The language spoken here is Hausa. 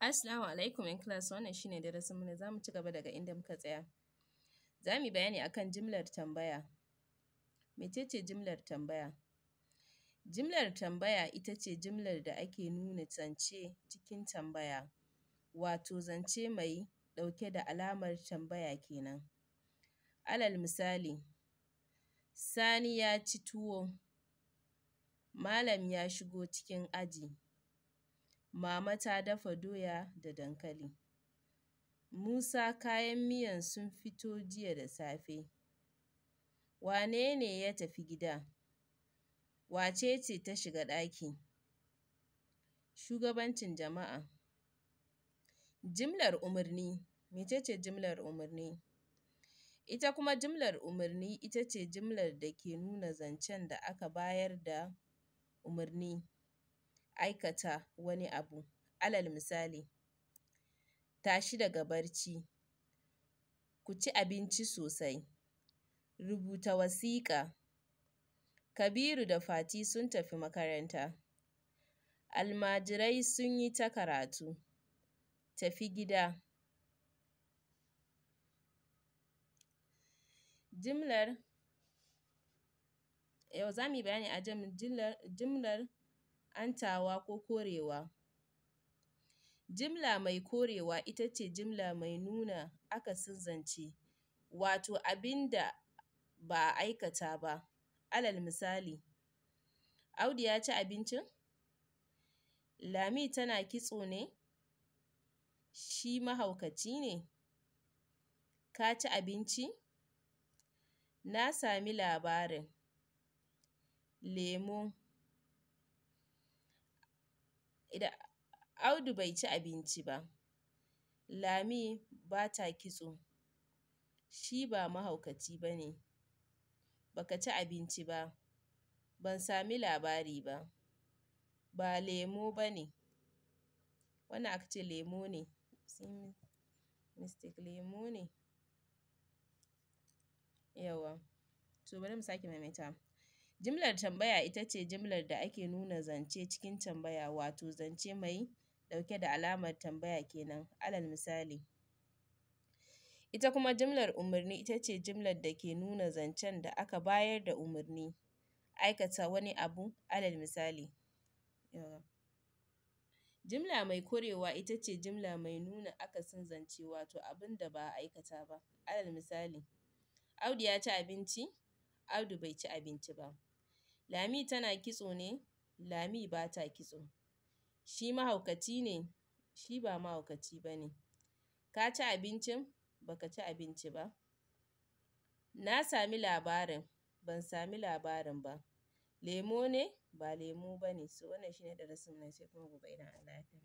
Assalamu alaikum ‘yan class, wannan shi ne darasinmu na za mu ci gaba daga inda muka tsaya. Za mu yi bayani a kan jimlar tambaya. Mece ce jimlar tambaya? Jimlar tambaya ita ce jimlar da ake nuna zance cikin tambaya, wato zance mai ɗauke da alamar tambaya kenan. Alal misali, Sani ya ci tuwo, Malam ya shigo cikin aji. Mama ta dafa doya da dankali. Musa kayan miyan sun fito jiya da safe. Wane ne ya tafi gida? Wace ce ta shiga ɗaki? Shugabancin jama'a. Jimlar umarni, mece ce jimlar umarni? Ita kuma jimlar umarni ita ce jimlar da ke nuna zancen da aka bayar da umarni aikata wani abu. Alal misali, tashi daga barci, ku ci abinci sosai, rubuta wasiƙa, Kabiru da Fati sun tafi makaranta, almajirai sun yi ta karatu, tafi gida. Jimlar, yau za mu yi bayani a jimlar antawa ko korewa. Jimla mai korewa ita ce jimla mai nuna akasin zance, wato abin da ba a aikata ba. Alal misali, Audu ya ci abincin? Lami tana kitso ne? Shi mahaukaci ne? Ka ci abinci? Na sami labarin. Lemo idan Audu bai ci abinci ba, Lami ba ta kitso, shi ba mahaukaci ba ne, ba ka ci abinci ba, ban sami labari ba, ba lemo ba ne, wannan aka ce lemo ne, mistake lemo ne, yawwa. To bari mu sake maimaitawa. Jimlar tambaya ita ce jimlar da ake nuna zance cikin tambaya, wato zance mai ɗauke da alamar tambaya kenan. Alal misali, ita kuma jimlar umarni ita ce jimlar da ke nuna zancen da aka bayar da umarni, aikata wani abu, alal misali, Jimla mai korewa ita ce jimla mai nuna akasin zance, wato abin da ba a aikata ba. Alal misali, Audu ya ci abinci, Audu bai ci abinci ba. Lami tana kitso ne? Lami ba ta kitso. Shi mahaukaci ne? Shi ba mahaukaci ba ne. Ka ci abincin? Ba ka ci abinci ba. Na sami labarin? Ban sami labarin ba. Lemo ne? Ba lemu ba ne. So wannan shi ne darasinmu na sai kuma gobe idan Allah ya